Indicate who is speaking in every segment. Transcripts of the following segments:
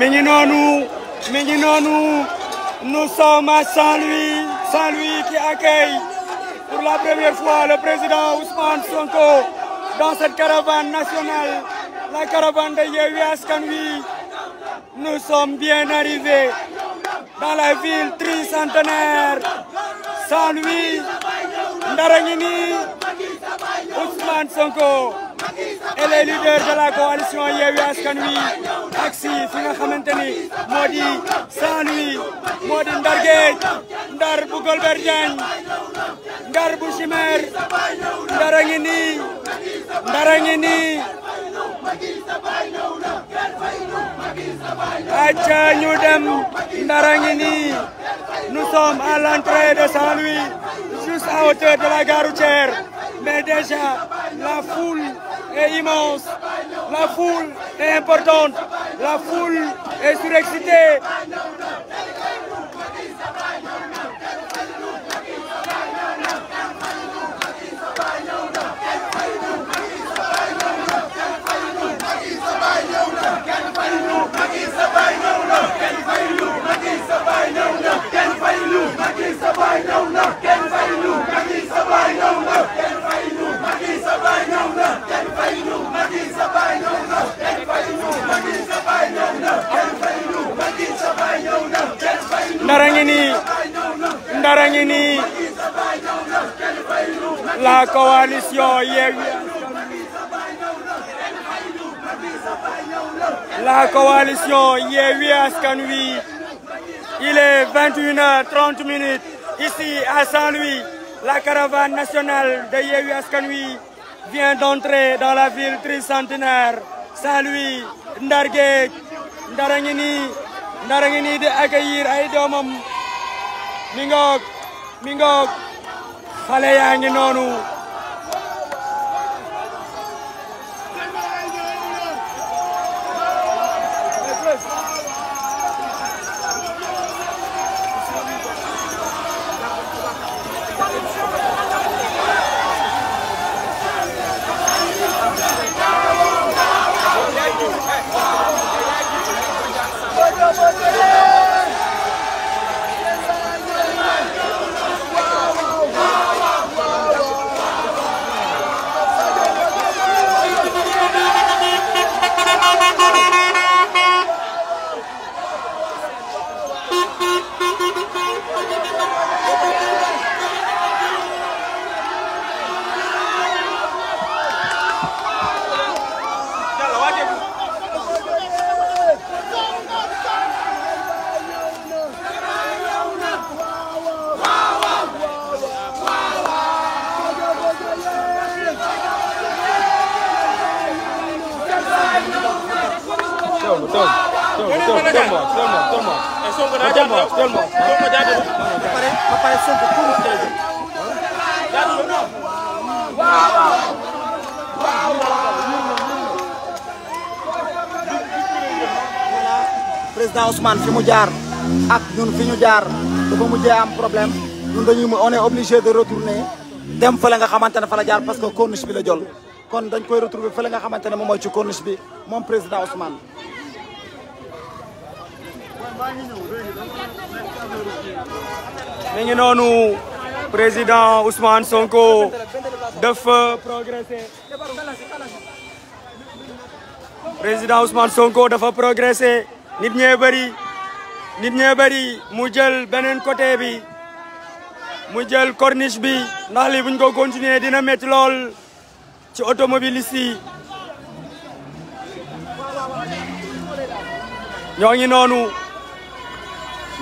Speaker 1: mi ngi noonu mi ngi noonu nous sommes à saint qui accueille pour la première fois le président Ousmane Sonko dans cette caravane nationale la caravane de Yewwi Askan Wi nous sommes bien arrivés dans la ville tricentenaire Saint-Louis ndara ngi nii Sonko et les leaders de la coalition Yewwi Askan Wi taxi fi nga xamante ni moo di Saint-Louis Ndar Géej Ndar bu Golbert Diagne Ndar bu Chimère Ndar a ngi nii Ndar a ñu dem Ndar a ngi nii nous sommes à l'entrée de Saint-Louis juste à hauteur de la gare routière mais déjà la foule est immense. La foule est importante. La foule est surexcitée. Kenn fay lu Macky sa baay ñëw na ndara ngi la coalition Yewwi la coalition Yewwi Askan il est 21h30 à saint la caravane nationale de Yewwi Askan Wi vient d'entrer dans la ville tricentenaire Saint-Louis Ndar Géej Ndar ngi nii Ndar a ngi nii di accueillir ay doomam mi ngoog mi ngi noonu Sonko
Speaker 2: daa jàpp Sonko ba
Speaker 1: président Ousmane fi mu jaar ak ñun fi ñu jaar dafa mujjee am problème ñun dañuy on est obligé de retourner dem fële nga xamante ne fa la jaar parce que corniche bi la jol kon dañ koy retrouver fële nga xamante ne moom mooy ci corniche bi moom président Ousmane. mi ngi noonu président Ousmane Sonko dafa progressé président Ousmane Sonko dafa progressé nit ñee bëri nit ñee bëri mu jël beneen côté bi mu jël corniche bi ndax lii buñ ko continuer dina métti lool ci automobiliste yi ñoo ngi noonu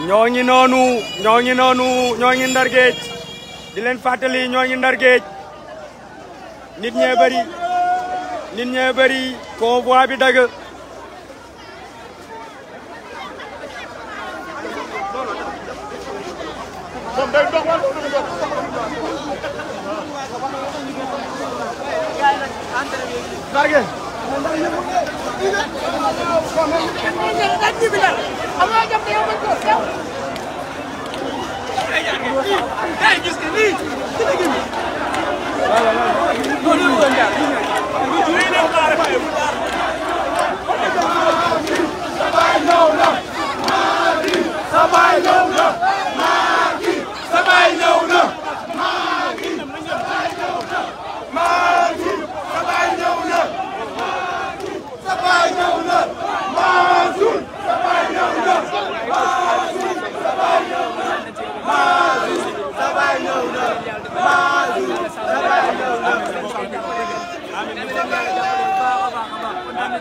Speaker 1: ñoo ngi noonu ñoo ngi noonu ñoo ngi Ndar di leen fàttali ñoo ngi Ndar nit ñee bëri nit ñee bëri convoi bi dagg
Speaker 2: Ndar Sabay ñëw na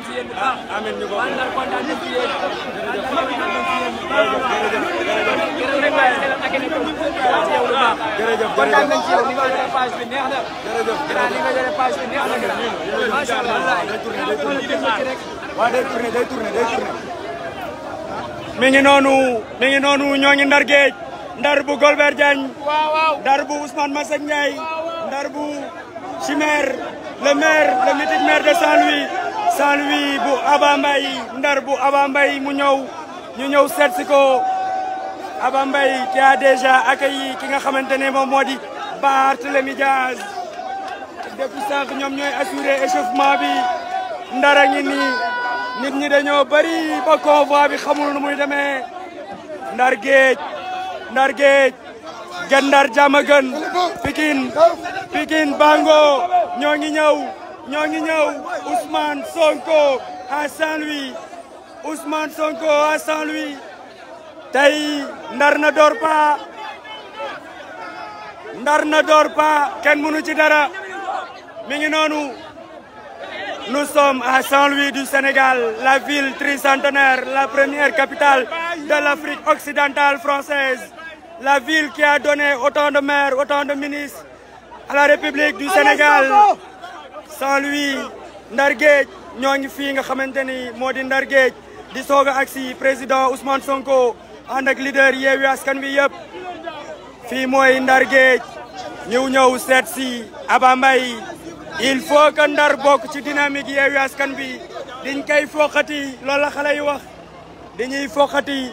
Speaker 1: ci yéen bu baax ah, Ndar bu baax gërëm noonu mi ngi noonu ñoo ngi Ndar bu Golbert Diagne Ndar Ndar bu Chimère le maire le mythique maire de Saint-Louis Saint-Louis bu Aba Mbaye Ndar bu Aba mu ñëw ñu ñëw seet si ko Aba Mbaye qui a déjà accueilli ki nga xamante ne moom moo di Barthélémy Diaz depuis ñoom ñooy assuré échauffement bi Ndar a ngi nii nit ñi dañoo bëri ba convoi bi xamul nu muy demee Ndar géej Ndar géej Guet Ndar Diamaguène Pikine Pikine Bango ñoo ngi ñëw ñoo ngi ñëw Ousmane Sonko à Saint-Louis Ousmane Sonko à Saint-Louis tey ndar na door pa ndar na door pa kenn mënu ci dara mi ngi noonu nous sommes à Saint-Louis du Sénégal la ville tricentenaire la première capitale de l'Afrique occidentale française la ville qui a donné autant de maires autant de ministres à la République du Sénégal Saint-Louis Ndar ñoo ngi fi nga xamante ni moo di Ndar di soog ak agsi président Ousmane Sonko ànd ak leader Yewwi Askan Wi yëpp fii mooy Ndar Géej ñëw ñëw si Aba Mbaye il faut que Ndar bokk ci dynamique Yewwi Askan Wi diñ koy foqati loolu la xale yi wax dañuy foqati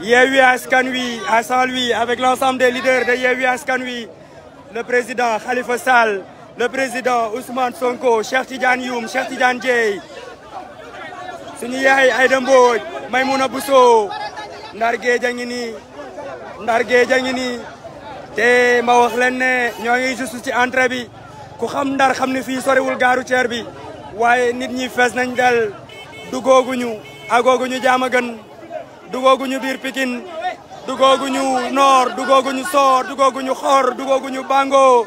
Speaker 1: Yewwi Askan Wi à Saint-Louis avec l'ensemble des leaders de Yewwi Askan Wi le président Khalifa Sall le président Ousmane Sonko Cheikh Tidiane Youm Cheikh Tidiane Dieye suñu yaay Aïda Mbodj Maymouna Bousso Ndar Géej a ngi nii Ndar Géej a ngi nii te ma wax leen ne ñoo ngi juste ci entrée bi ku xam Ndar xam ne fii soriwul gaaru ceer bi waaye nit ñi fees nañ del ñu agooguñu jaama gën ñu biir Pikine dugooguñu Nord dugooguñu Soor dugooguñu Xor dugooguñu Bango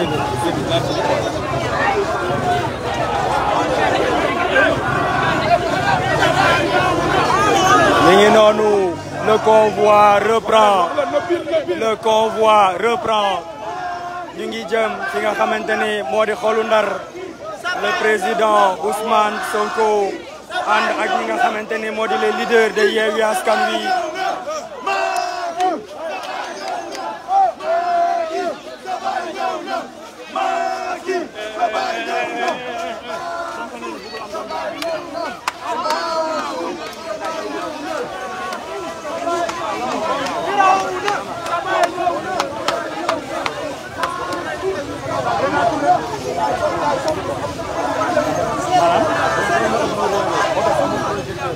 Speaker 1: ñu ngi noonu le convoi reprend le convoi ñu ngi jëm fi nga xamante ni moo di xolu Ndar le président Ousmane Sonko ànd ak ñi nga xamante ni moo di les leaders de Yewwi Askan Wi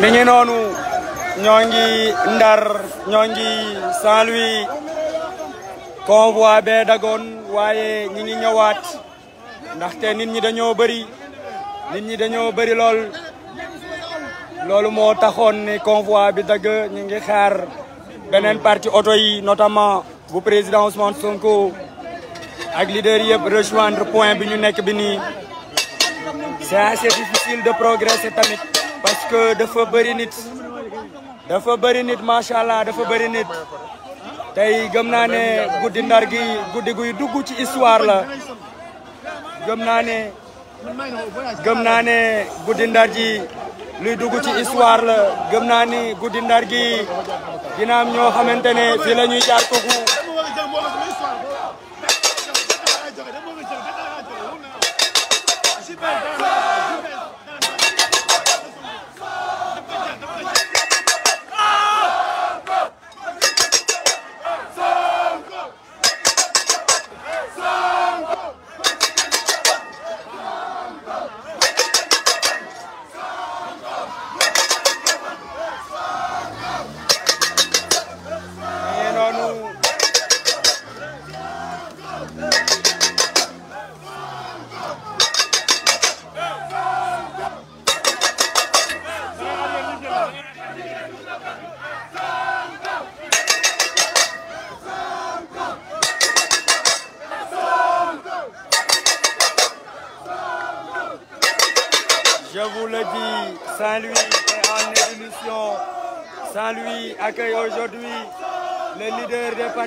Speaker 1: mi ngi noonu ñoo ngi Ndar ñoo ngi Saint-Louis convoi bee dagoon waaye ñi ngi ñëwaat ndaxte nit ñi dañoo bëri nit ñi dañoo bari lool loolu moo taxoon ni convoi bi dagg ñu ngi xaar beneen parti oto yi notamment bu président Ousmane Sonko ak leader yëpp rejoindre point bi ñu nekk bi nii c'est assez difficile de progresser tamit parce que dafa bëri nit bëri nit macha allah dafa bëri nit tey gëm naa ne guddi gi guddi guy dugg ci histoire la gëm naa ne gëm naa ne guddi ndar ji luy dugg ci histoire la gëm naa ni guddi gi dina ñoo xamante ne fii jaar kooku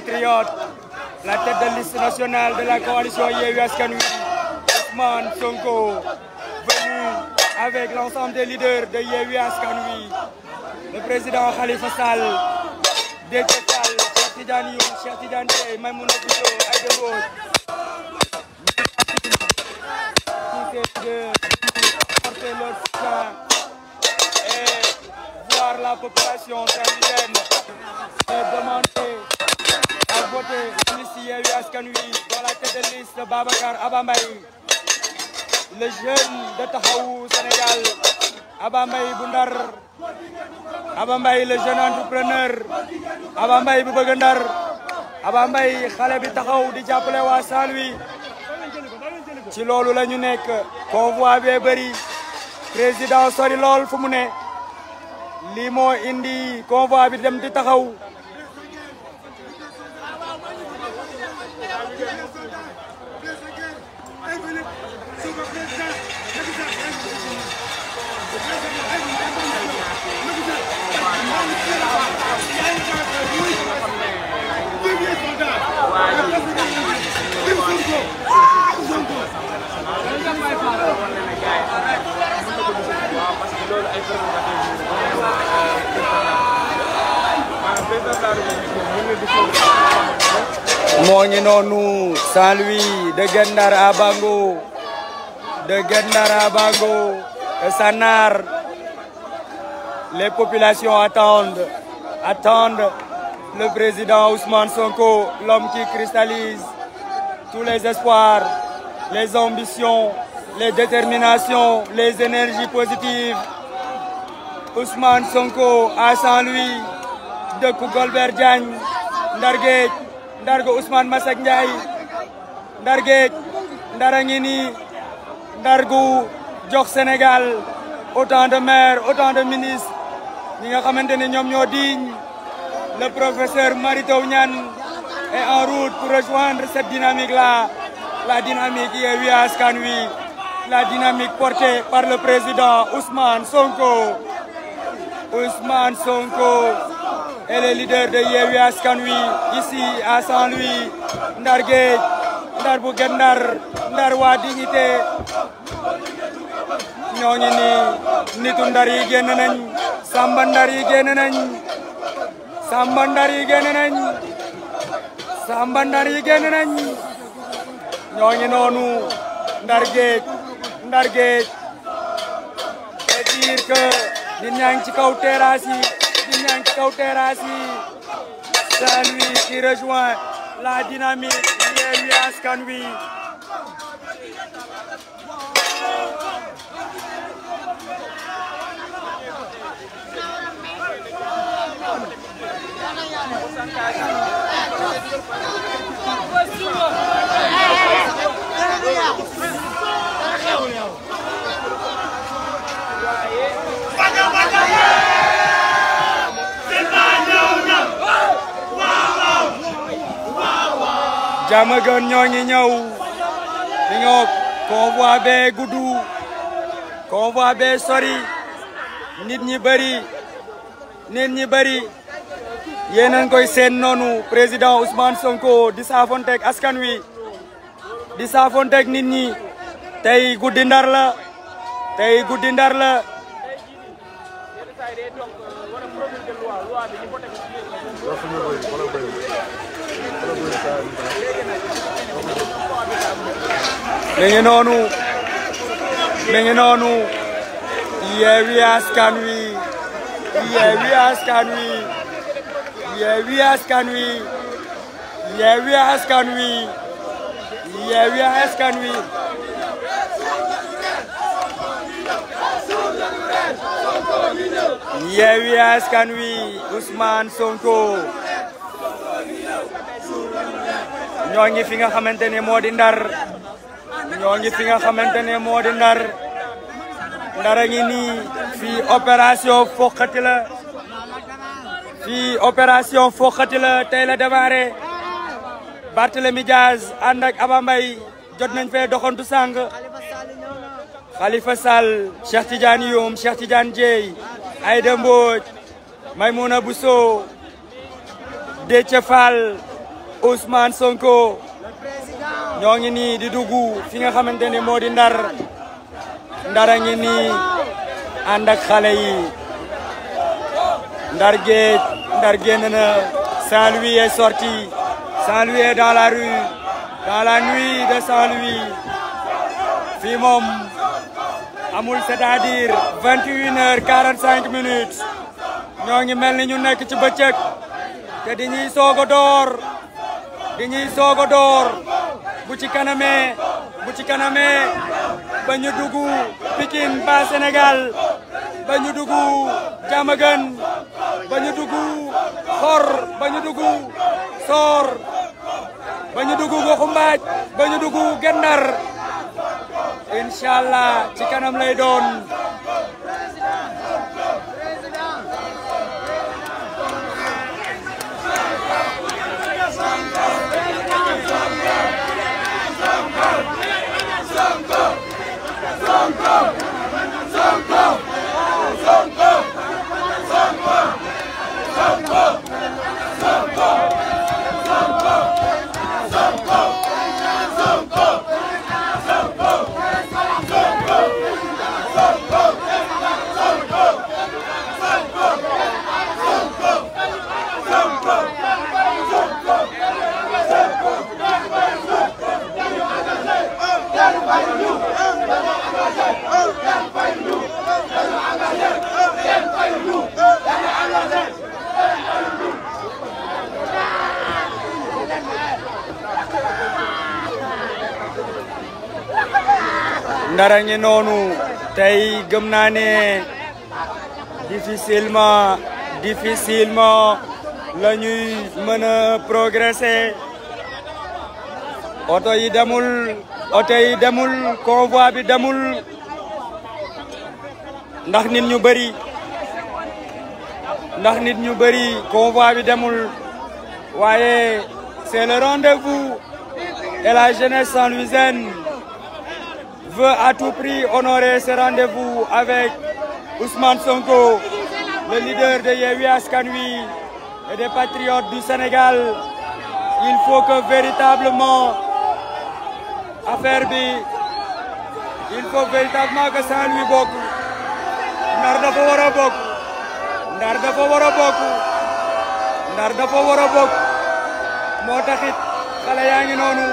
Speaker 1: compatriote, la tête de liste nationale de la coalition Yewwi Askan Wi, Sonko, venu avec l'ensemble des leaders de Yewwi Askan le président Khalifa Sall, Déthié Fall, Cheikh Tidiane Youm, Cheikh Tidiane Dièye, Maïmouna Bousso, Aïda Mbodj, de porter leur et voir la population Babacar Aba Mbaye le jeune de Taxawu Sénégal Aba Mbaye bu Ndar Aba Mbaye le jeune entrepreneur Aba Mbaye bu bëgg Ndar Aba Mbaye xale bi taxaw di jàppale waa Saint-Louis ci loolu la ñu nekk convoi bee bëri président sori lool fu mu ne lii moo indi convoi bi dem di taxaw moo ngi noonu Saint-Louis de Guet à Bango de Guet Ndar à Bango de les populations attendent attendent le président Ousmane Sonko l'homme qui cristallise tous les espoirs les ambitions les déterminations les énergies positives Ousmane Sonko à Saint-Louis dëkku Golbert Diagne Ndargéej ndar go Ousmane Masseck Ndiaye ndar geej ndar a ngi nii ndar jox Sénégal autant de maires autant de ministres ñi nga xamante ne ñoom ñoo diñ le professeur Mary Teuw Niane en route pour rejoindre cette dynamique là la dynamique Yewwi Askan Wi la dynamique portée par le président Ousmane Sonko Ousmane Sonko et les leaders de Yewwi Askan Wi ici à Saint-Louis Ndar Géej Ndar bu Ndar Ndar waa dignité ñooñu ni nitu Ndar yi génn Samba Ndar yi génn Samba Ndar yi génn Samba Ndar yi génn nañ noonu Ndar Géej Ndar Géej c'est dire que nit ci kaw terrasse yi nit kaw terrasse yi Saint-Louis qui rejoint la dynamique Yewwi Askan Wi jama gën ñoo ngi ñëw di nga convoi bee guddu convoi bee sori nit ñi bëri nit ñi bëri yéen a ngi koy seen noonu président Ousmane Sonko di saafonteeg askan wi di saafonteeg nit ñi tey guddi la tey guddi ndar la mi ngi noonu Askan Wi Yewwi Askan Wi Yewwi Askan Wi Yewwi Askan Wi Yewwi Sonko ñoo ngi fi nga xamante ne moo di ndar ñoo ngi fi nga xamante ne moo di ndar ndara ngi nii fii opération foqati la fii opération foqati la tey la démarré Barthélemy Diaz ànd ak jot nañ fee doxantu sàng Khalifa Sall Cheikh Tidiane Youm Cheikh Tidiane Dieye Aïda Mbodj Maymouna Bousso Déthié Fall Ousmane Sonko ñoo ngi ni di dugg fi nga xamante ne moo di ndar ndara ngi nii ànd ak xale yi ndar géej ndar génn na saint sorti Saint-Louis est dans la rue dans la nuit de Saint-Louis fii moom amul c'est-à-dire minutes ñoo ngi mel ni ñu nekk ci bëccëg te di ñuy soog dañuy soog a door bu ci kanamee bu ci kanamee ba ñu dugg Pikine ba Sénégal ba ñu dugg Diamaguène ba ñu dugg Xor ba ñu dugg Soor ba ñu dugg Goxumbaaj ba ñu dugg Gendar incha allah ci kanam lay doon. ndara ngi noonu tey gëm naa ne difficilement difficilement mën a progresser oto yi demul oto yi demul convoi bi demul ndax nit ñu bëri ndax nit ñu bëri convoi bi demul waaye c'est le rendez-vous et la jeunesse saint-louisienne veut à tout prix honorer ce rendez-vous avec Ousmane Sonko le leader de Yewwi Askan Wi et des patriotes du Sénégal il faut que véritablement affaire bi il faut véritablement que Saint-Louis bokk Ndar dafa war a bokk Ndar dafa war a bokk Ndar dafa war a bokk moo taxit xale yaa noonu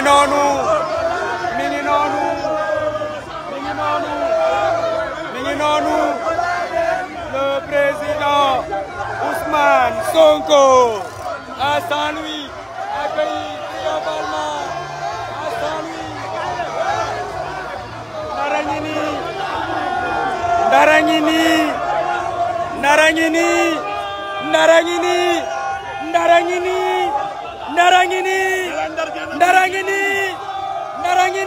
Speaker 1: ngi noonu mi ngi noonu mi ngi noonu mi ngi noonu le président Ousmane Sonko à Saint-Louis
Speaker 2: accueilli triomphalement à Saint-Louis dara ngi nii
Speaker 1: dara ngi nii dara ngi nii dara ngi nii dara ngi nii dara ngi nii Ndara ngi nii Ndara ngi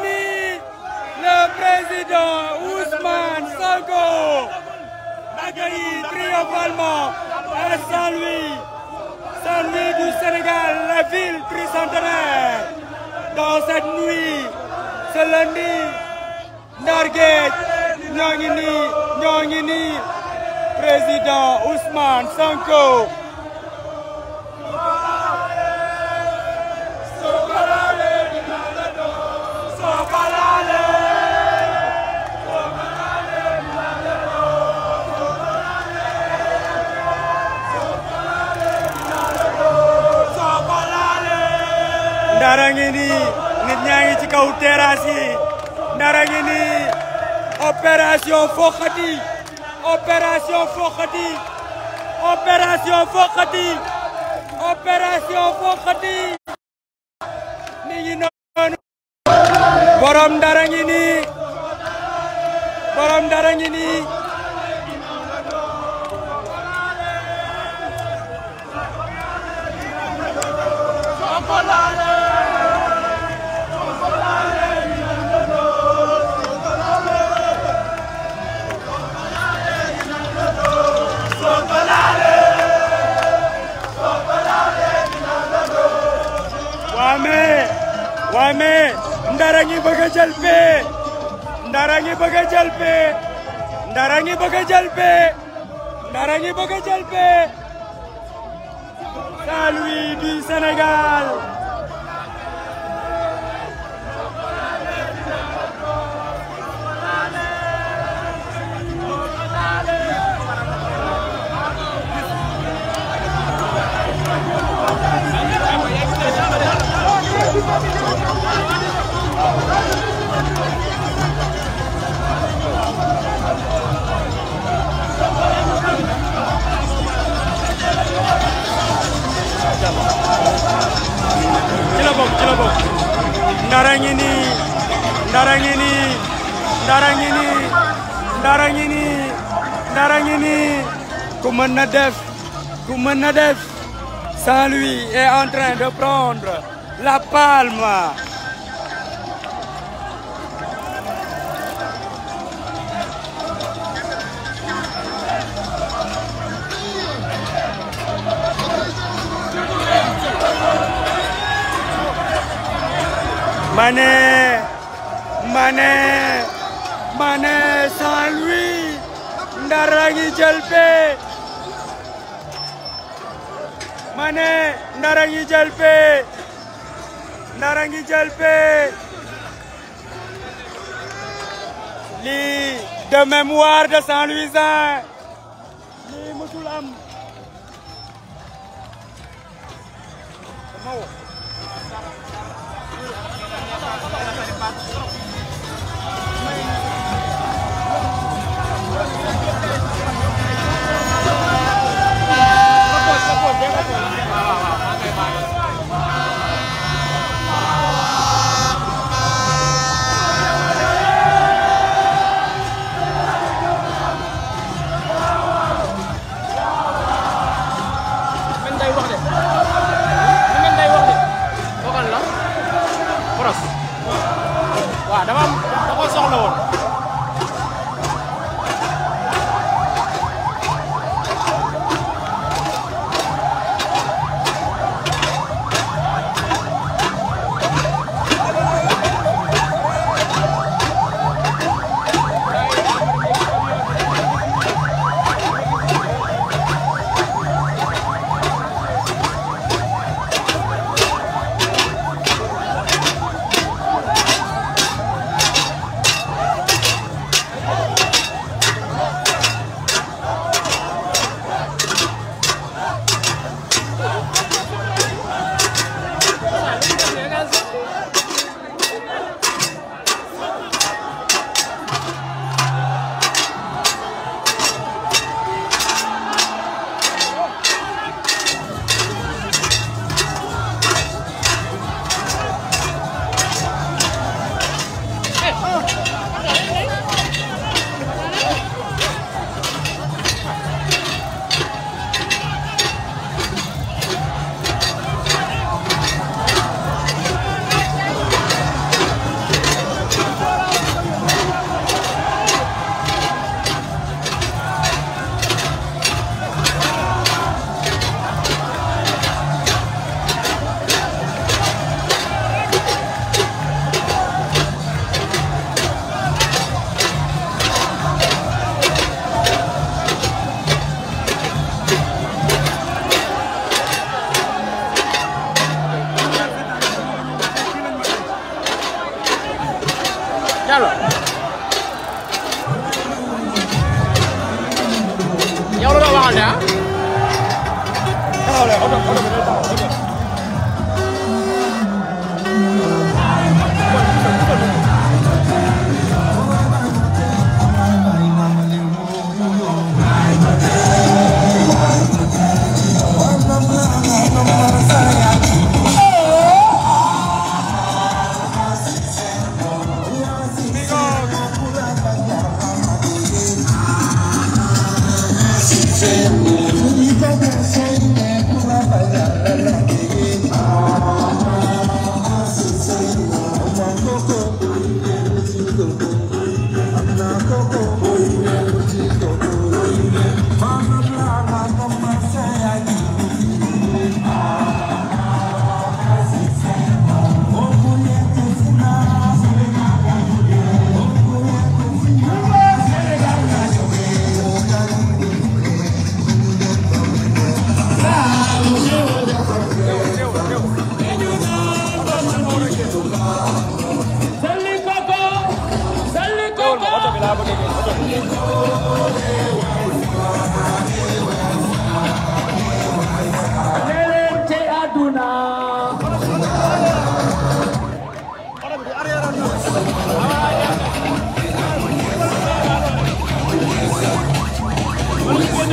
Speaker 1: le président Ousmane Sonko accueilli triomphalement à Saint-Louis Saint-Louis du Sénégal la ville tricentenaire dans cette nuit ce lundi Ndar Géej ñoo président Ousmane Sonko ngi nii nit ci kaw terrasse yi ndara ngi nii borom ndara ngi nii borom ndara ngi nii waaye mais ndara ngi bëgg a jël pee ndara ngi bëgg a jël pee ndara ngi bëgg a ndara ngi bëgg a jël pee Saint-Louis ci la bokk ci la bokk ndara ngi nii ndara ngi nii ndara ngi nii ndara ngi nii ndara ngi nii ku mën na def ku mën na def Saint-Louis est de prendre la palme Mané Mané Mané Saint-Louis Ndar a ngi jël ngi jël pe Ndar ngi jël pe de mémoire de Saint-Louisain lii musul am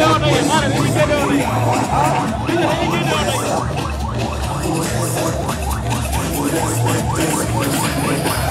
Speaker 2: Thank you.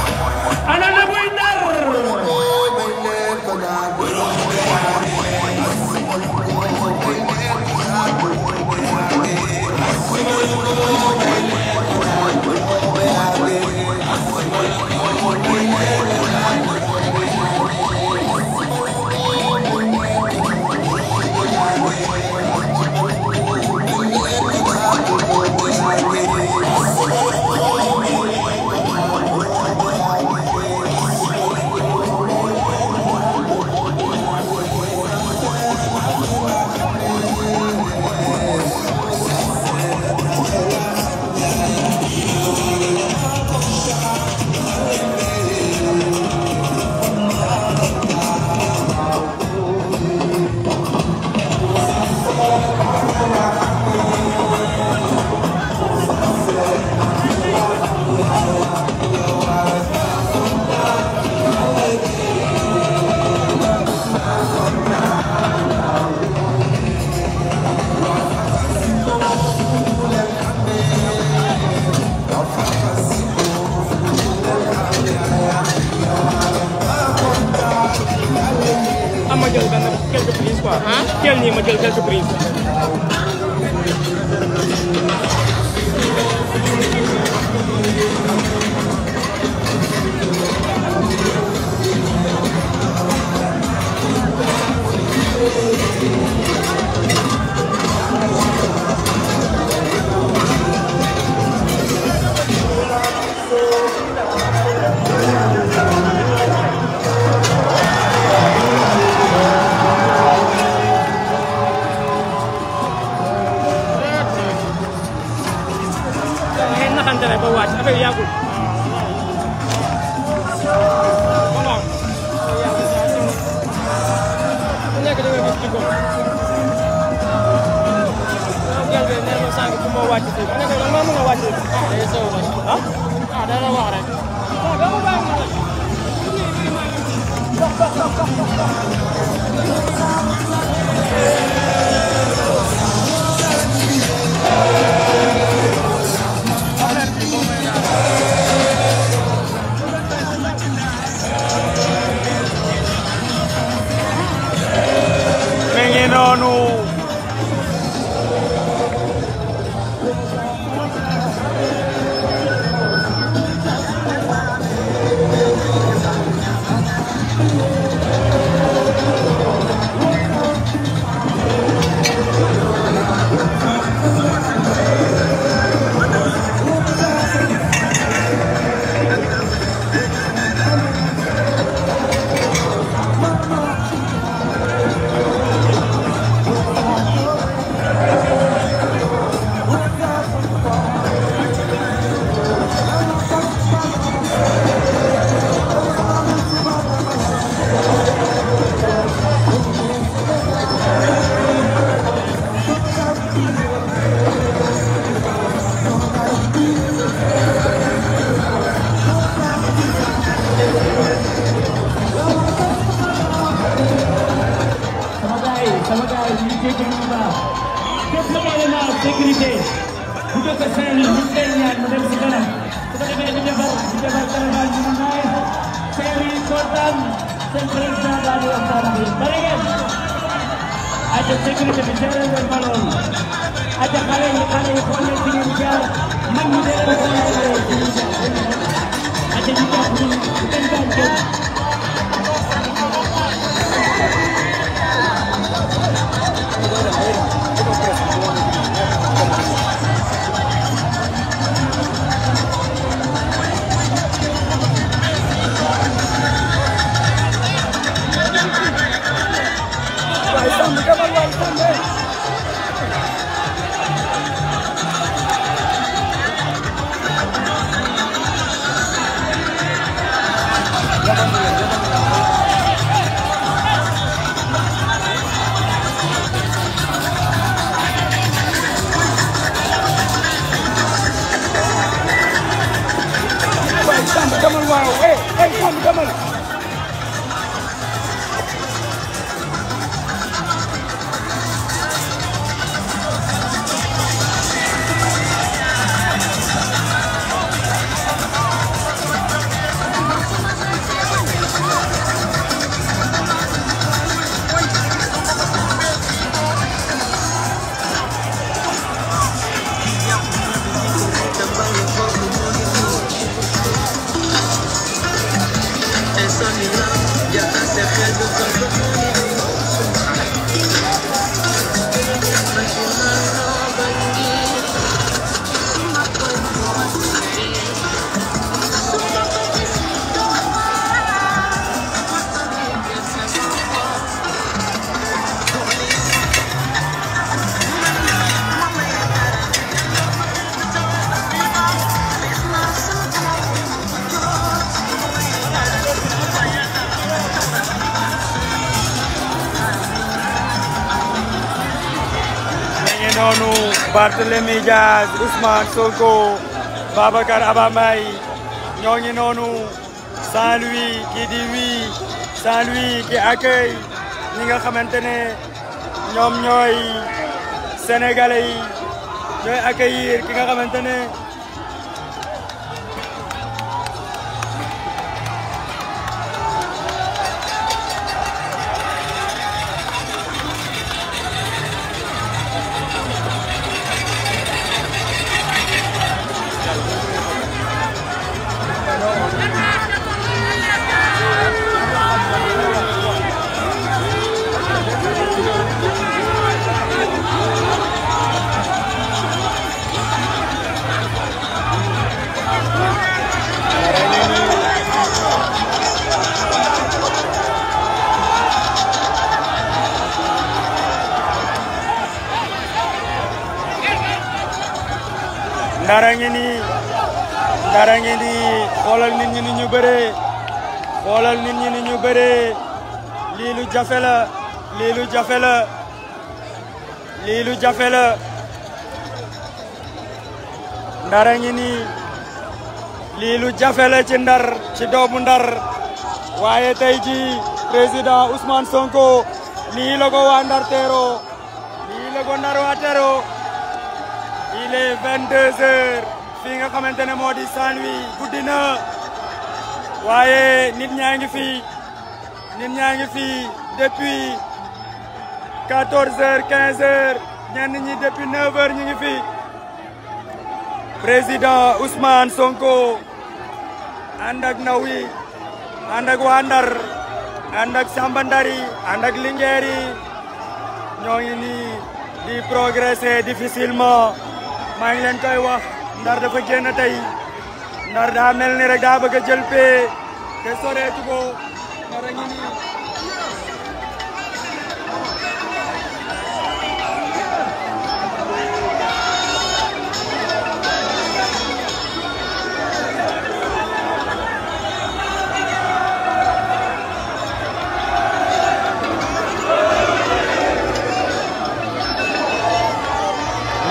Speaker 1: quoi. teel nii ma jël a wàcc affaire yi yàggul
Speaker 2: combat ku nekk da nga gis jikkoom gel bi nee ma sànq ku ma wàcc si ma ne ko man maa mën a wàcc ah day sew rek ah ah dana wax rek ah dama bàyyi ma rek Thank you. noonu unité bu dëkk Saint-Louis ñu ngi lay ñaan mu dem si kanam su ko defee ñu defar ñu defar caravane bi mu naay Saint-Louis kontaan seen président daal di waxtaan bi bala ngeen aja sécurité bi jëlee leen ma loolu aja xale yi xale
Speaker 1: yi xool leen fi ngeen jaar mag ñi dee leen xool leen fi ngeen jaar aja ñu jàpp ñu kenn gaañ kenn Barthélemy Diaz Ousmane Sonko Babacar Abamay ñoo ngi noonu Saint-Louis qui dit oui Saint-Louis qui ñi nga xamante ne ñoom ñooy sénégalais ñooy accueillir ki nga xamante ne. jafe la lii lu lii lu jafe la ndara ngi nii lii lu jafe la ci ndar ci doomu ndar waaye tey ji président usmaan Sonko lii la waa ndar teeroo lii la ndar waa teeroo il est 22 heures fii nga xamante ne moo di Saint-Louis guddi waaye nit ñaa ngi fi nit ñaa ngi fi depuis 14 heures 15 heures ñenn ñi depuis 9 heures ñu ngi fi président Ousmane Sonko ànd ak ndaw yi ànd ak waa Ndar ànd ak Samba Ndari ànd ñoo ngi nii di progresser difficilement maa ngi leen koy wax Ndar dafa génn tey Ndar daa mel ni rek daa bëgg a jël pee te soreetu ko Ndar ngi nii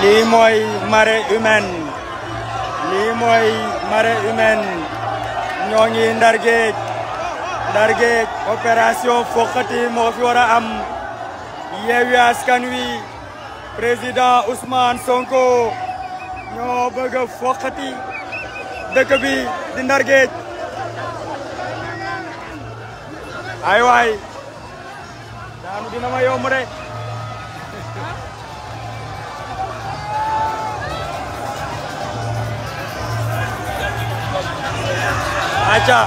Speaker 1: lii mooy marée humaine lii mooy marée humaine ñoo ngi Ndar Géej Ndar Géej opération foqati moo fi war am Yewwi Askan Wi président Ousmane Sonko ñoo bëgg foqati dëkk bi di Ndar ay waay daanu dina ma yomb de aca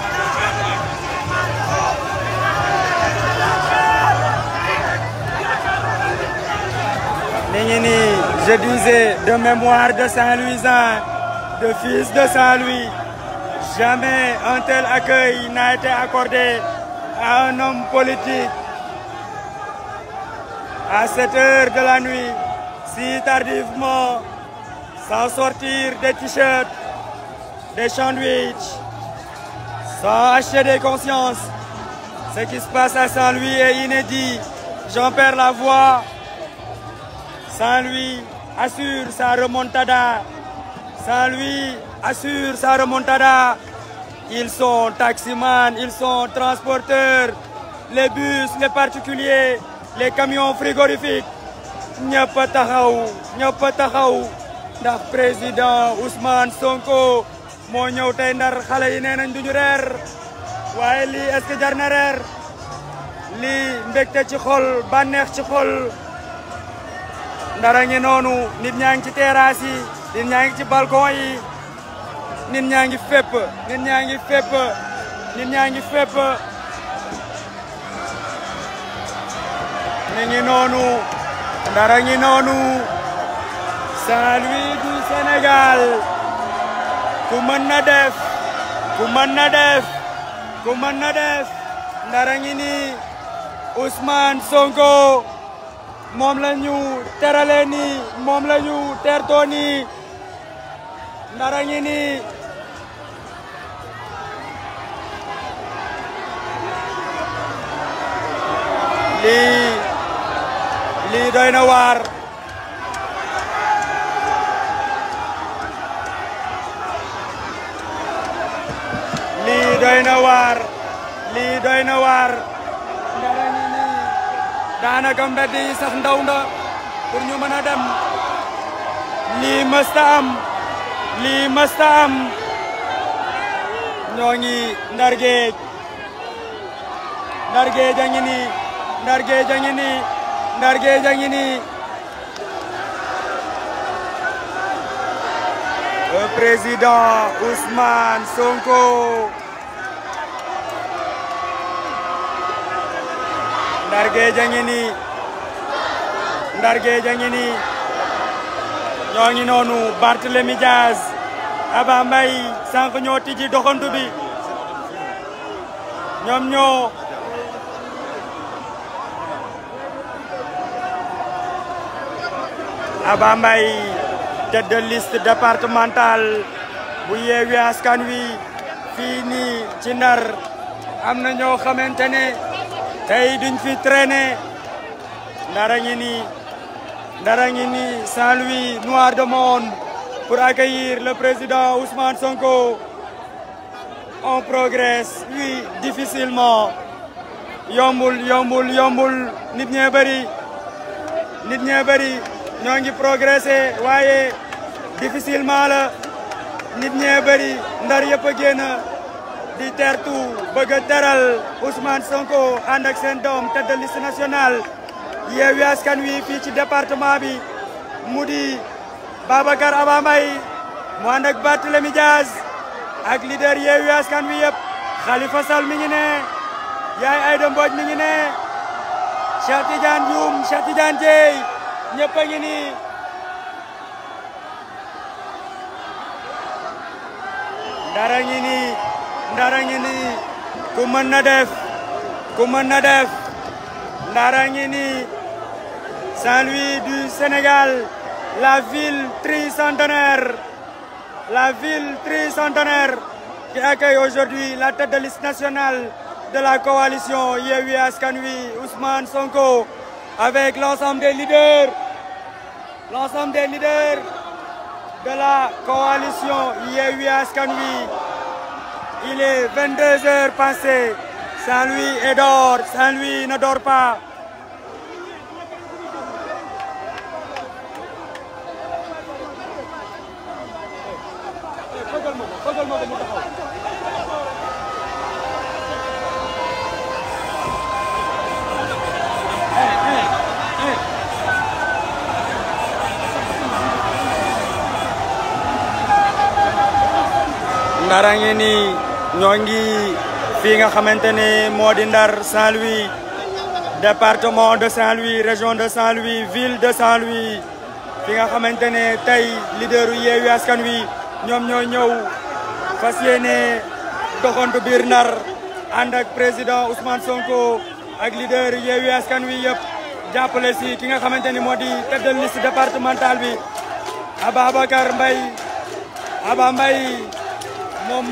Speaker 1: mi ngi nii je disais de mémoire de Saint-Louisain de fils de Saint-Louis jamais un tel accueil n'a été accordé à un homme politique à cette heure de la nuit si tardivement sans sortir des t-shirts des sandwichs Ça a acheté des consciences. Ce qui se passe à Saint-Louis est inédit. J'en perds la voix. Saint-Louis assure sa remontada. Saint-Louis assure sa remontada. Ils sont taximans, ils sont transporteurs, les bus, les particuliers, les camions frigorifiques. ñëpp taxaw ñëpp taxaw ndax président Ousmane Sonko. moo ñëw tey ndar xale yi nee nañ duñu reer waaye lii est-ce reer lii mbégte ci xol bànneex ci xol ndara ngi noonu nit ñaa ngi ci terrasse yi nit ñaa ngi ci balcon yi nit ñaa ngi fépp nit ñaa ngi fépp nit ñaa ngi fépp ni ngi noonu ndara ngi noonu saint du Sénégal ku mën na def ku mën na def ku mën na def ndara ngi nii Sonko moom la terale nii moom la ñu tertoo nii ndara lii lii doy doy na waar lii doy na waar ndara ngi ndaw nda pour ñu mën dem lii mësta am lii mësta am ñoo ngi ndar géej nii ndar géej nii ndar géej nii le président Ousmane Sonko Ndar Géej a ngi nii Ndar Géej a ngi nii ñoo ngi noonu Barthélemy Diaz Aba ñoo tijji doxantu bi ñoom ñoo Aba Mbaye tête de liste départementale bu Yewwi Askan Wi fii ci Ndar am na ñoo xamante tey duñ fi traîner ndara ngi ni ndara ngi nii Saint-Louis noir de monde pour accueillir le président Ousmane Sonko on progresse oui difficilement yombul yombul yombul nit ñee bëri nit ñee bëri ñoo ngi progresser waaye difficilement la nit ñee bëri ndar yëpp a génn di tertu bëgg a teral Ousmane Sonko ànd seen doom tête de liste nationale Yewwi Askan Wi fii ci département bi mu di Babacar Aba Mbaye mu ànd ak Barthélémy Dias ak leader Yewwi Askan Wi yëpp Khalifa Sall mi ngi ne Yaay Aïda Mbodj mi ngi ne Cheikh Tidiane Dioum Cheikh Tidiane Dieye ñëpp a ngi ni dara ngi nii ndara ngi nii ku mën ndara ngi nii Saint-Louis du Sénégal la ville tricentenaire la ville tricentenaire qui accueille aujourd'hui la de liste nationale de la coalition Yewwi Askan Wi Sonko avec l'ensemble des leaders de la coalition Yewwi Askan Wi Il est 22 heures passées. Saint-Louis est dehors. Saint-Louis ne dort pas. ñoo ngi fii nga xamante ne moo di Ndar Saint-Louis département de Saint-Louis région de Saint-Louis ville de Saint-Louis fi nga xamante ne tey leaderu Yewwi Askan Wi ñoom ñoo ñëw fas yéene doxantu biir Ndar ànd ak président Ousmane Sonko ak leader Yewwi Askan Wi yëpp jàppale si ki nga xamante ni moo di tête de liste départementale bi Ababacar Mbaye Aba Mbaye moom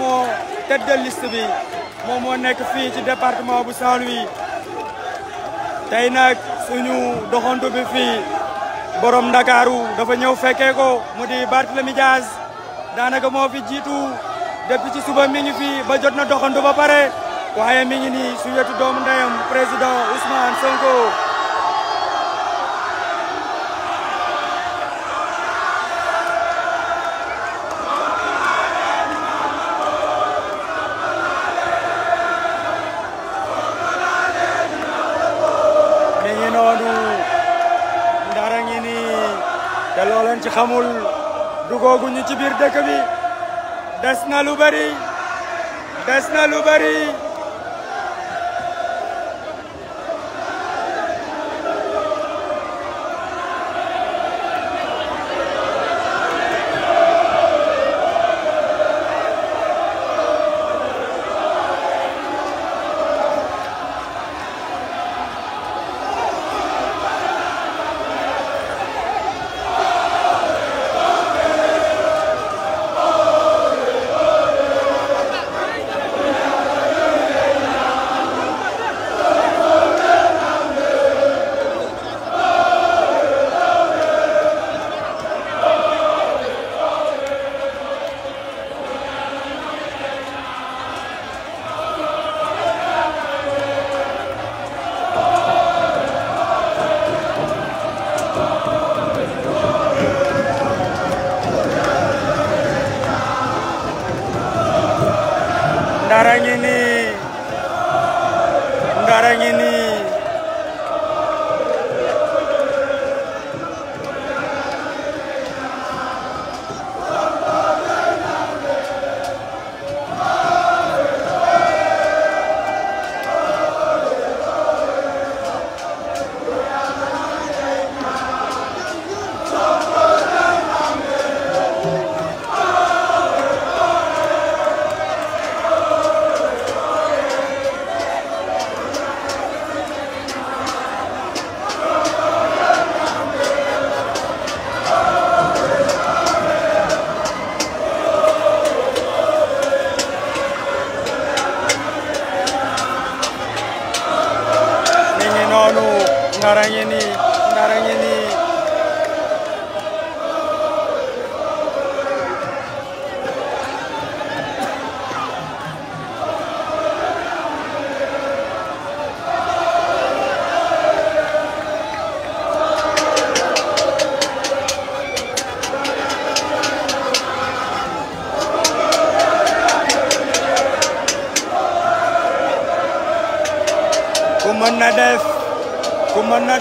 Speaker 1: tête de liste bi moom moo nekk fii ci département bu Saint-Louis tey nag suñu doxantu bi fii borom Ndakaaru dafa ñëw fekkee ko mu di Barthélemy Diaz daanaka moo fi jiitu depuis ci suba miñ ngi fii ba jot na doxantu ba pare waaye mi ni nii su wetu doomu président Ousmane Sonko. loo leen ci xamul dugooguñu ci biir dëkk bi des na lu bari des na lu bari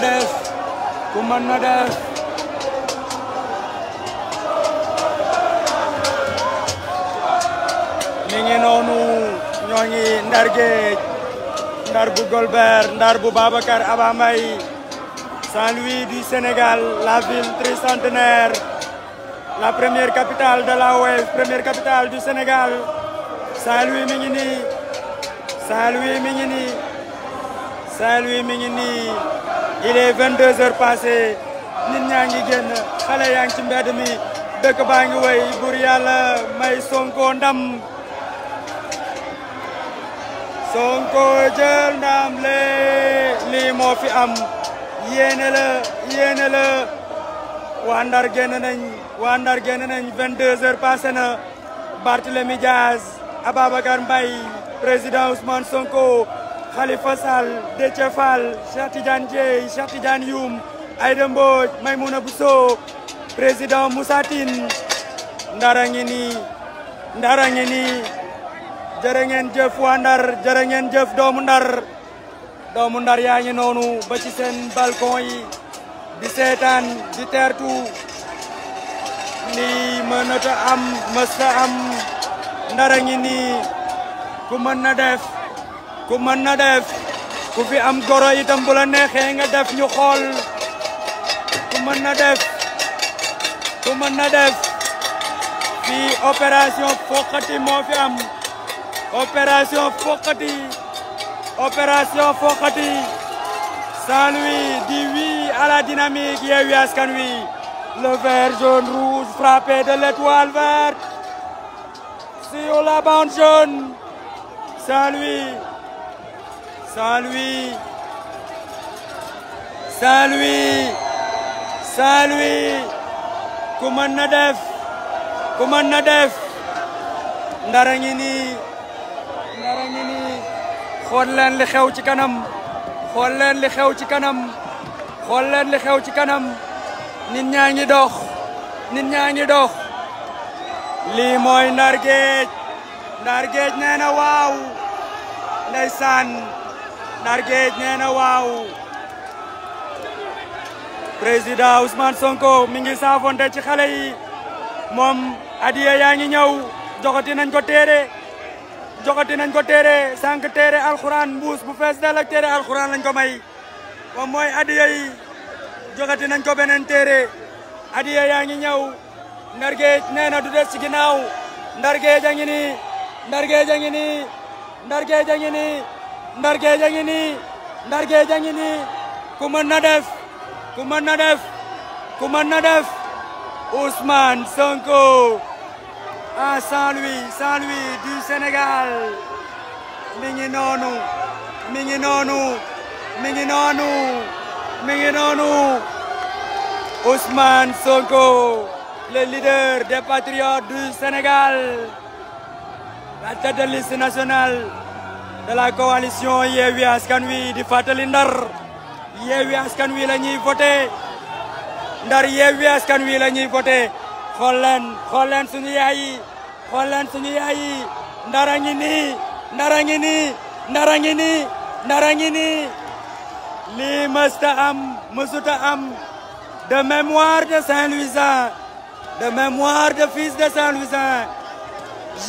Speaker 1: def ku mën mi ngi noonu ñoo ndar géej ndar bu Golbert ndar bu Babacar Aba Mbaye saint du Sénégal la ville tricentenaire la première capitale de la OUEF première capitale du Sénégal Saint-Louis mi ngi ni Saint-Louis mi ngi ni Saint-Louis mi ngi nii il est 22 heures passées nit ñaa ngi génn xale yaa ngi ci mbedd dëkk baa ngi woy bur may Sonko ndam Sonko jël ndam le lii moo fi am yéene la yéene la waa Ndar génn nañ waa Ndar génn nañ 22 heures passé na Barthélémy Diaz Ababacar Mbaye président Ousmane Sonko Khalifa Sall Déthié Fall Cheikh Tidiane Dieye Cheikh Tidiane Youm Aïda Mbodj Maymouna Bousso président Moussa Tine ndara ngi nii ndara ngi ngeen jëf waa ndar jërë ngeen jëf doomu ndar doomu ndar yaa ngi noonu ba ci seen balcon di seetaan di teertu lii mënata am mësta am ndara ngi nii mën na def ku mën na def ku fi am goro itam bu la neexee nga def ñu xool ku mën na def ku mën na def fii opération foqati moo fi am opération foqati opération foqati Saint-Louis dit oui à la dynamique Yewwi Askan Wi le vert jaune rouge frappé de l'étoile verte sur la bande jaune Saint-Louis Saint-Louis Saint-Louis Saint-Louis ku mën na def ku mën na def ndara ngi nii xool leen li xew ci kanam xool leen li xew ci kanam xool leen li xew ci kanam nit ñaa ngi dox nit ñaa ngi dox lii mooy Ndar Géej Ndar Géej nee Ndar Géej nee na waaw président Ousmane Sonko mi ngi saafonte ci xale yi moom adiya yaa ngi ñëw joxati nañ ko téere joxati nañ ko téere sànq téere alxuraan mbuus bu fees dal ak téere alxuraan lañ ko may moom mooy adiya yi nañ ko beneen téere adiya yaa ngi ñëw Ndar Géej na du des ci ginnaaw Ndar Géej a ngi Ndar Géej ngi nii Ndar Géej a ngi nii ku mën na def ku mën na def ku mën na def Ousmane Sonko à du Sénégal mi ngi noonu mi ngi noonu mi ngi noonu mi ngi noonu Ousmane Sonko le leader des patriotes du Sénégal la tête de liste nationale de la coalition Yewwi Askan Wi di fàttali Ndar Yewwi Askan Wi la ñuy voté Ndar Yewwi Askan Wi la ñuy voté xool leen xool leen suñu yaay yi xool ngi nii Ndar ngi nii Ndar ngi nii lii mësta am mësuta am de mémoire de Saint-Louisin de mémoire de fils de Saint-Louisin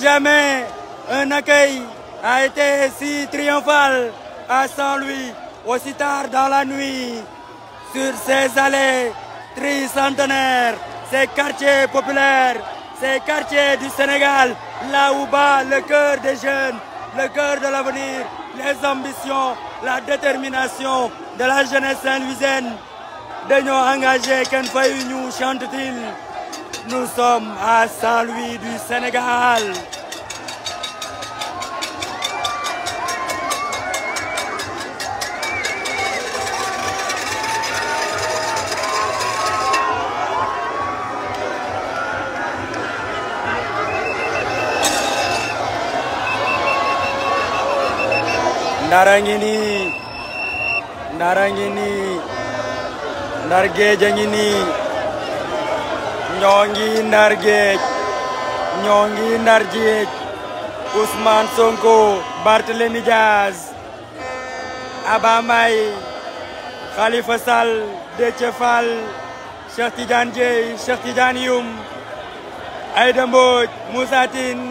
Speaker 1: jamais un accueil a été si triomphal à Saint-Louis, aussi tard dans la nuit, sur ces allées tricentenaires, ces quartiers populaires, ces quartiers du Sénégal, là où bat le cœur des jeunes, le cœur de l'avenir, les ambitions, la détermination de la jeunesse saint-louisienne. Dañoo engagé kenn fayu ñu chante-t-il. Nous sommes à Saint-Louis du Sénégal. ndara ngi nii ndara ngi nii ndar géej a ngi nii ñoo ngi ndar géej ñoo ngi ndar géej Ousmane Sonko Barthélémy Dias Aba Mbaye Khalifa Sall Déthié Fall Cheikh Tidiane Dièye Cheikh Tidiane Youm Aïda Mbodj Moussa Tine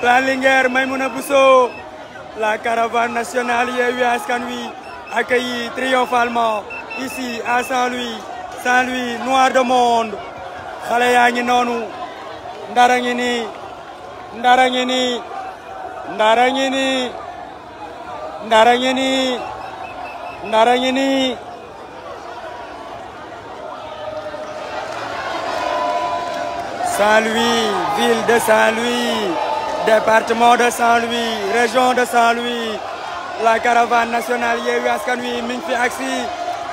Speaker 1: Plan Linguère Maymouna Bousso la caravane nationale Yewwi Askan Wi accueillie triomphalement ici à Saint-Louis Saint-Louis noir de monde xale yaa ngi noonu ndara ngi nii ndara ngi nii ndara ngi nii ndara ngi nii ndara ngi nii Saint-Louis ville de Saint-Louis département de Saint-Louis région de Saint-Louis la caravane nationale Yewwi Askan Wi mi ngi ak agsi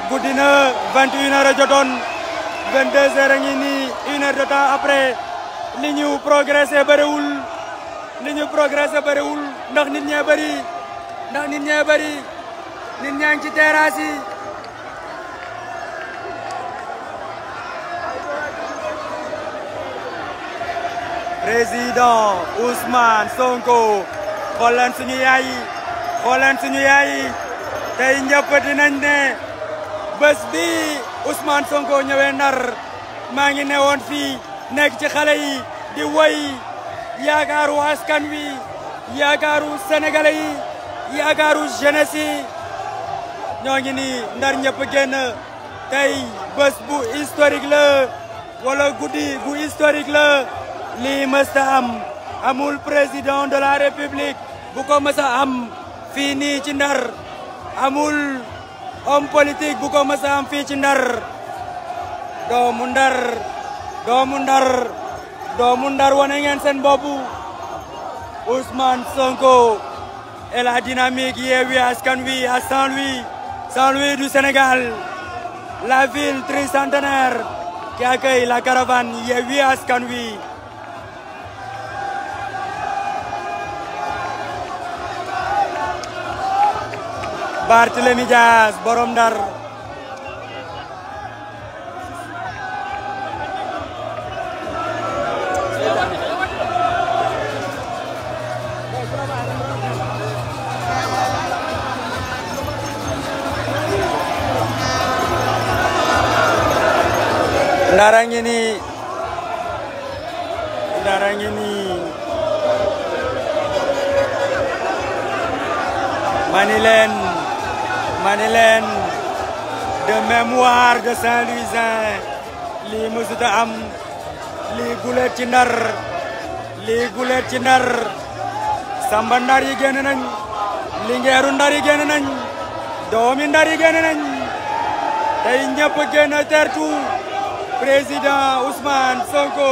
Speaker 1: guddi na 21 heures a a ngi nii heure de temps après li ñu progressé bëriwul li ñu progressé bëriwul ndax nit ñee bëri ndax nit ñee bëri nit ñaa ngi ci président Ousmane Sonko xool leen suñu yaay yi xool leen suñu yaay yi ne bés bi Ousmane Sonko ñëwee Ndar maa ngi ne woon fii nekk ci xale yi di woy yaakaaru askan wi yaakaaru sénégalais yi yaakaaru jeunesse yi ñoo ngi ni Ndar ñëpp génn tey bés bu historique la walla guddi bu historique la lii mësta am amul président de la république bu ko am fii nii ci ndar amul homme politique bu ko am fii ci ndar doomu ndar doomu ndar doomu ndar wane seen bopp Ousmane Sonko et la dynamique Yewwi Askan Wi à Saint-Louis Saint-Louis du Sénégal la ville tricentenaire qui accueille la caravane Yewwi Askan Wi Barthélémy Dias borom Ndar Ndar a ngi nii Ndar a ngi nii mani leen ma ni leen de mémoire de Saint-Louisin lii mësut am lii guleet ci ndar lii guleet ci ndar samba ndar yi génn nañ lingeeru ndar yi génn nañ doomi ndar yi génn nañ tey ñëpp génn tertu président Ousmane Sonko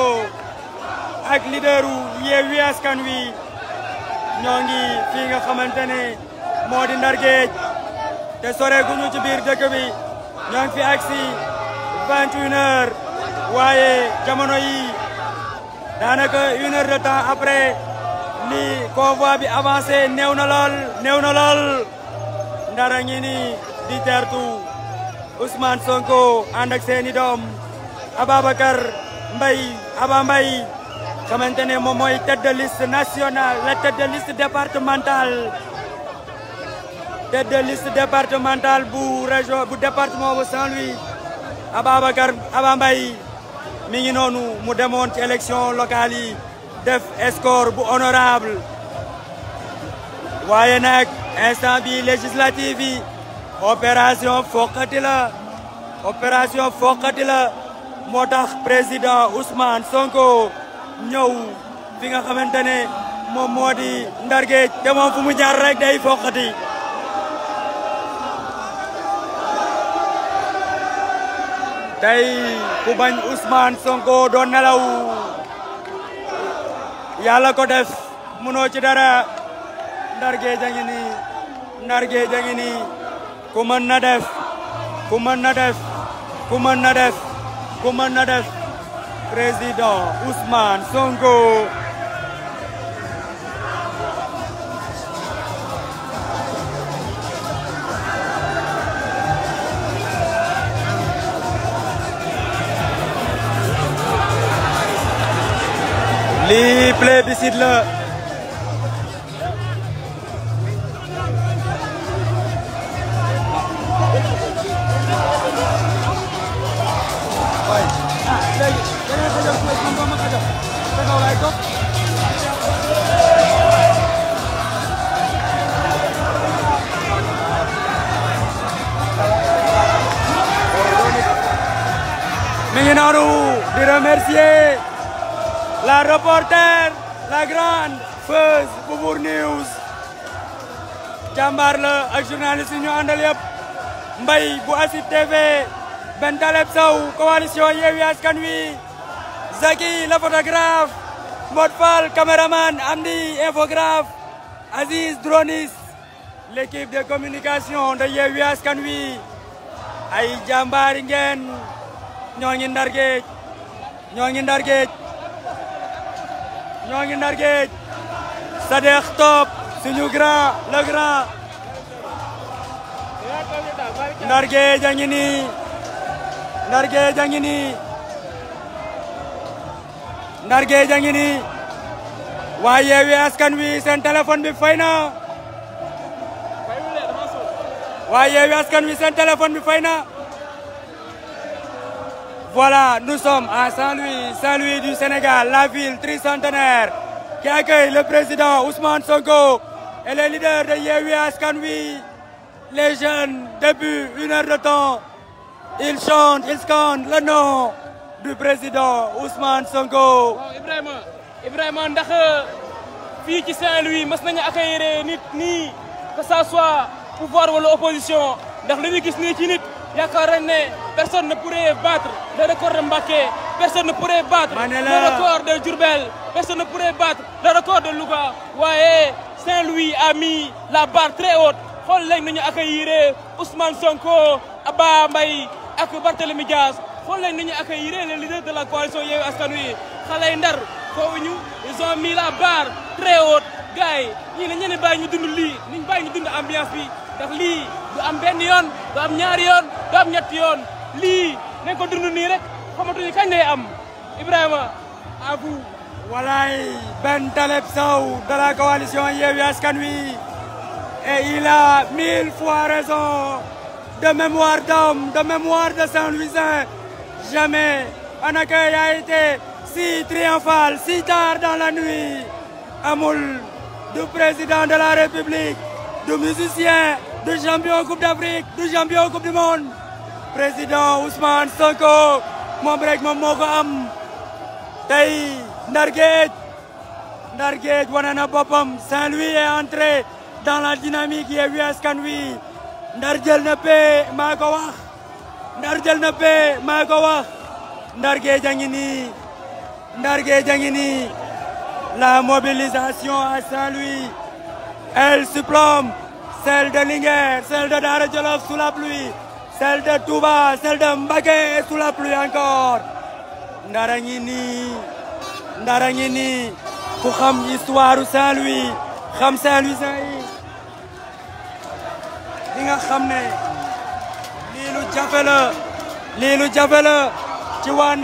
Speaker 1: ak leaderu Yewwi Askan Wi ñoo ngi fii nga xamante ne moo di Ndar Géej te soreeguñu ci biir dëkk bi ñoo ngi fi agsi vingt une waaye jamono yi daanaka une heure de temps ni convoi bi avancé néew na lool néew na lool ndara ngi ni di tertu Ousmane Sonko ànd ak seeni doom Ababacar Mbaye Aba Mbaye ne moom mooy tête de la tête de liste tête de liste départementale bu région bu département bu Saint-Louis Ababacar Aba mi ngi noonu mu demoon ci élection locale yi def score bu honorable waaye nag instant bi législative yi opération foqati la opération foqati moo tax président Ousmane Sonko ñëw fi nga xamante ne moom moo di ndargeej te moom fu mu jaar rek day foqati tey ku bañ Ousmane Sonko doon nelaw yàlla ko def mënoo ci dara ndar géej a ngi nii ndar géej ngi nii ku mën na def ku mën na def ku mën na def ku mën Sonko plébiscite la mi ngi noonu di remercier la reporter la grande feuse Mbour News la ak journaliste ñu àndal yëpp Mbaye bu Asid TV Ben Taleb Sow coalition Yewwi Askan Wi Zaki la photographe Mbod Fall caméraman Amdi infographe Aziz droniste l'équipe de communication de Yewwi Askan Wi ay jàmbaari ngeen ñoo ngi Ndar Géej ñoo ngi ndar géej Sadekh Top suñu grand le grand ndar a ngi nii ndar a ngi nii ndar a ngi nii waaye Yewwi Askan Wi seen téléphone bi fay na waaye Yewwi Askan Wi seen téléphone bi fay na Voilà, nous sommes à Saint-Louis, Saint-Louis du Sénégal, la ville tricentenaire qui accueille le président Ousmane Sonko et les leaders de Yewwi Askan Wi. Les jeunes, depuis une heure de temps, ils chantent, le nom du président Ousmane Sonko. waaw
Speaker 2: ndax fii ci Saint-Louis mas nañu accueillir nit nii que soit pouvoir wala opposition ndax li ñu gis nii ci nit. yaakaaroon ne personne ne pourrait battre le record de Mbacké personne ne pourrait battre le record de Diourbel personne ne pourrait battre le record de waaye Saint-Louis a mis la barre très haute xool léegi nañu accueillir Ousmane Sonko Abba ak Barthélémy Dias xool léegi nañu accueillir les leaders de la coalition Yewwi Askan Wi xale Ndar foowuñu ils ont mis la barre très haute gars yi ñii na ñene bàyyi ñu dund lii niñ bàyyi ñu dund ambiance bi ndax lii du am benn yoon du am ñaari yoon du am ñetti yoon lii nañ ko dund nii rek xamatuñu kañ lay am Ibrahima à vous. walaay
Speaker 1: Ben Taleb Sow de la coalition Yewwi Askan Wi et il a fois raison de mémoire d'homme de mémoire de Saint-Louisin jamais un accueil a été si triomphal la nuit amul du président de la République du musicien du champion coupe d'Afrique du champion coupe du monde président Ousmane Sonko moom rek moom moo am tey Ndar Géej Ndar Géej wane na boppam Saint-Louis est entré dans la dynamique Yewwi Askan Wi Ndar jël na pee maa wax Ndar jël na pee maa wax Ndar Géej a Ndar Géej a la mobilisation à Saint-Louis elle celle de Linguère, celle de Daara Jolof sous la pluie, celle de Touba, celle de Mbacké et la pluie encore. ndara ngi nii ndara ngi nii ku xam histoire saint xam Saint-Louisien yi nga xam ne lii lu jafe la ci waa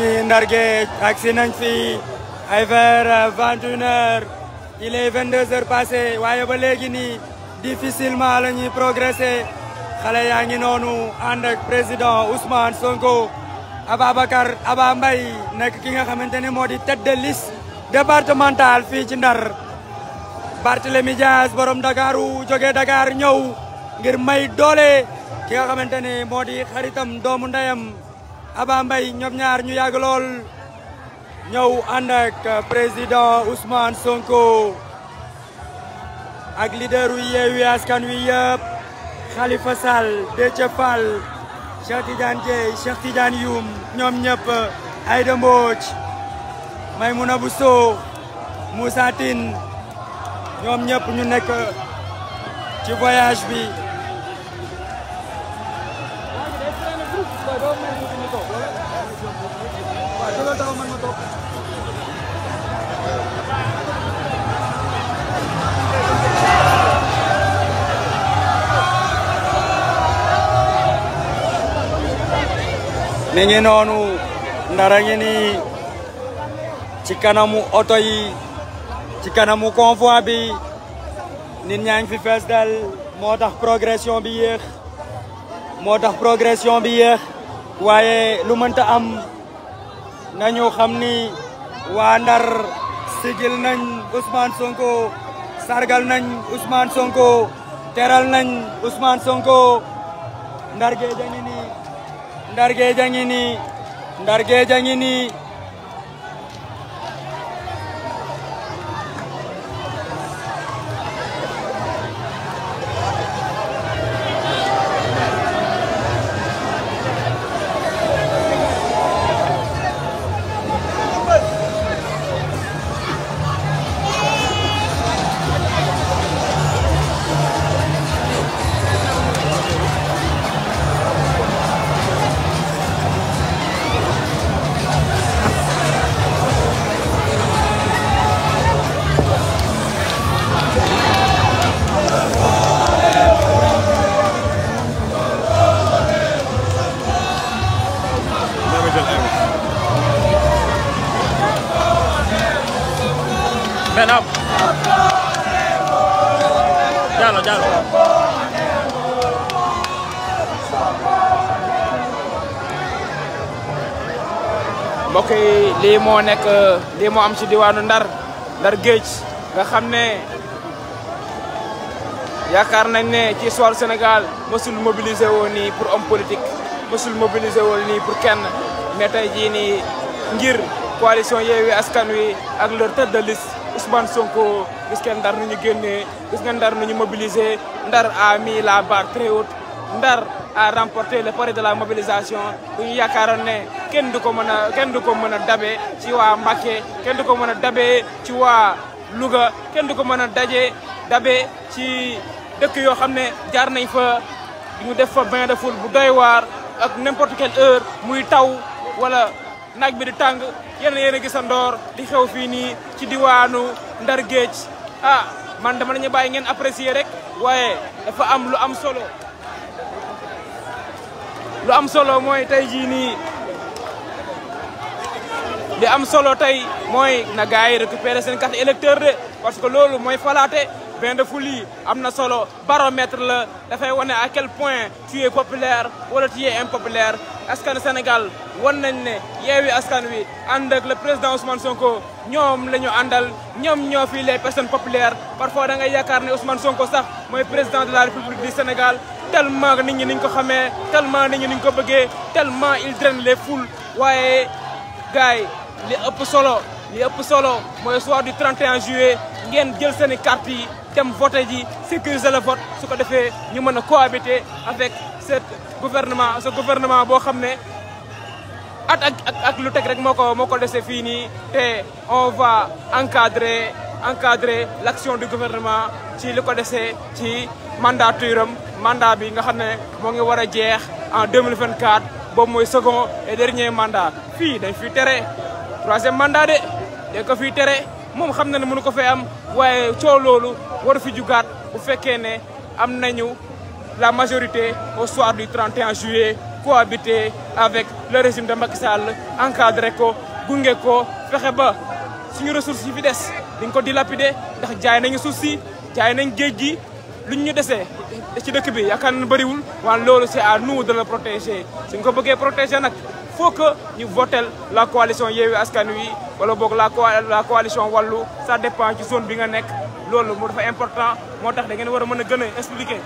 Speaker 1: ngi Ndar Géej agsi nañ fi ay vers euh, vingt une il est vingt deux heures passé waaye ba léegi nii difficilement la ñuy progresser xale yaa ngi noonu ànd président Ousmane Sonko Ababacar Aba Mbaye nekk ki nga xamante ne moo di tête de liste départementale fii ci Ndar Barthélémy Dias borom Dakaru jóge Dakar ñëw ngir may doole ki nga xamante ne moo di xaritam doomu ndeyam Aba Mbaye ñoom ñaar ñu yàgg lool ñëw président Ousmane Sonko ak leader yu Yewwi Askan Wi yëpp Khalifa Sall Déthié Fall Cheikh Tidiane Dièye Cheikh Tidiane Youm ñoom ñëpp Aïda Mbodj Maïmouna Bousso Moussa Tine ñoom ñëpp ñu nekk ci voyage bi mi ngi noonu ci kanamu oto yi ci kanamu convoi bi nit ñaa ngi fi fees dal moo tax progression bi yéex moo tax progression bi yéex waaye lu mënta am nañu xam ni waa Ndar sigil nañ Ousmane Sonko sargal nañ Ousmane Sonko teral nañ Ousmane Sonko ndar gee ni Ndar Géej ngi nii Ndar Géej ngi nii
Speaker 2: Benam. Diallo Diallo. mbokk yi lii moo nekk lii am ci diwaanu Ndar Ndar géej nga xam ne yaakaar nañ ne ci histoire Sénégal mësul mobiliser woon nii pour homme politique mësul mobiliser woon pour kenn mais tey jii nii ngir coalition Yewwi Askan Wi ak leur tête de liste. Ousmane Sonko gis ngeen ndar nu ñu génnee gis ngeen ndar nu ñu mobiliser ndar a mi la barre très haute ndar a remporté le pari de la mobilisation bu ñu yaakaaroon ne kenn du ko mën a kenn du mën a dabe ci waa Mbacké kenn du ko mën a dabe ci waa Louga kenn du ko mën a daje dabe ci dëkk yoo xam ne jaar nañ fa ñu def fa bain de foule bu doy waar ak n'importe quelle heure muy taw wala nag bi di tàng yéen yéen a gis a di xew fii nii ci diwaanu Ndar Géej ah man dama nañu bàyyi ngeen apprécier rek waaye dafa am lu am solo lu am solo mooy tey jii nii li am solo tey mooy na gars yi récupérer seen carte électeur de parce que loolu mooy falaate bain de foule am na solo baromètre la dafay wane à quel point tu es populaire wala tu es impopulaire askanu Sénégal wan nañ ne yeewi askan wi ànd ak le président Ousmane Sonko ñoom la ñu àndal ñoom ñoo fi les personnes populaires parfois da ngay yaakaar ne Ousmane Sonko sax mooy président de la République du Sénégal tellement nit ñi niñ ko xamee tellement nit ñi niñ ko bëggee tellement il draine les foules waaye gars yi li ëpp solo. li ëpp solo mooy soir du 31 juillet ngeen jël seen i carte yi dem voté ji sécuriser le vote su ko defee ñu mën a cohabiter avec cet gouvernement gouvernement boo xam ne at ak ak ak lu teg rek moo ko ko dese fii nii te on va encadré encadrer l' action du gouvernement ci li ko dese ci mandature am mandat bi nga xam ne moo ngi war a jeex en 2024 boobu mooy second et dernier mandat fii dañ fi tere troisième mandat de dañ ko fi tere moom xam na ne mënu ko fee am waaye coow loolu waru fi jugaat bu fekkee ne am nañu la majorité au soir du 31 juillet cohabiter avec le régime de Macky Sall encadré ko gunge ko fexe ba suñu ressources yi fi des dañ ko di dilapider ndax jaay nañu suuf si jaay nañ géej gi luñ ñu desee ci dëkk bi yaakaar na bëriwul. waaye loolu c'est à nous de le protéger suñ ko bëggee protéger nag. faut que ñu votel la coalition Yewwi Askan Wi wala boog la la coalition Wallu ça dépend ci zone bi nga nekk loolu moo dafa important moo tax da ngeen war a mën a gën a expliquer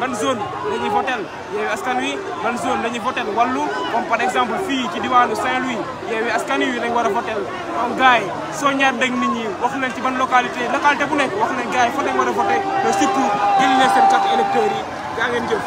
Speaker 2: ban zone la ñuy votel Yewwi Askan Wi ban zone la ñuy votel Wallu comme par exemple fii ci diwaanu Saint-Louis Yewwi Askan Wi lañ war a votel donc gars soo ñaar dégg nit ñi wax leen ci ban localité localité bu nekk wax leen gars yi fa lañ war a voté mais surtout jëli leen seen carte électeurs yi ngeen jëf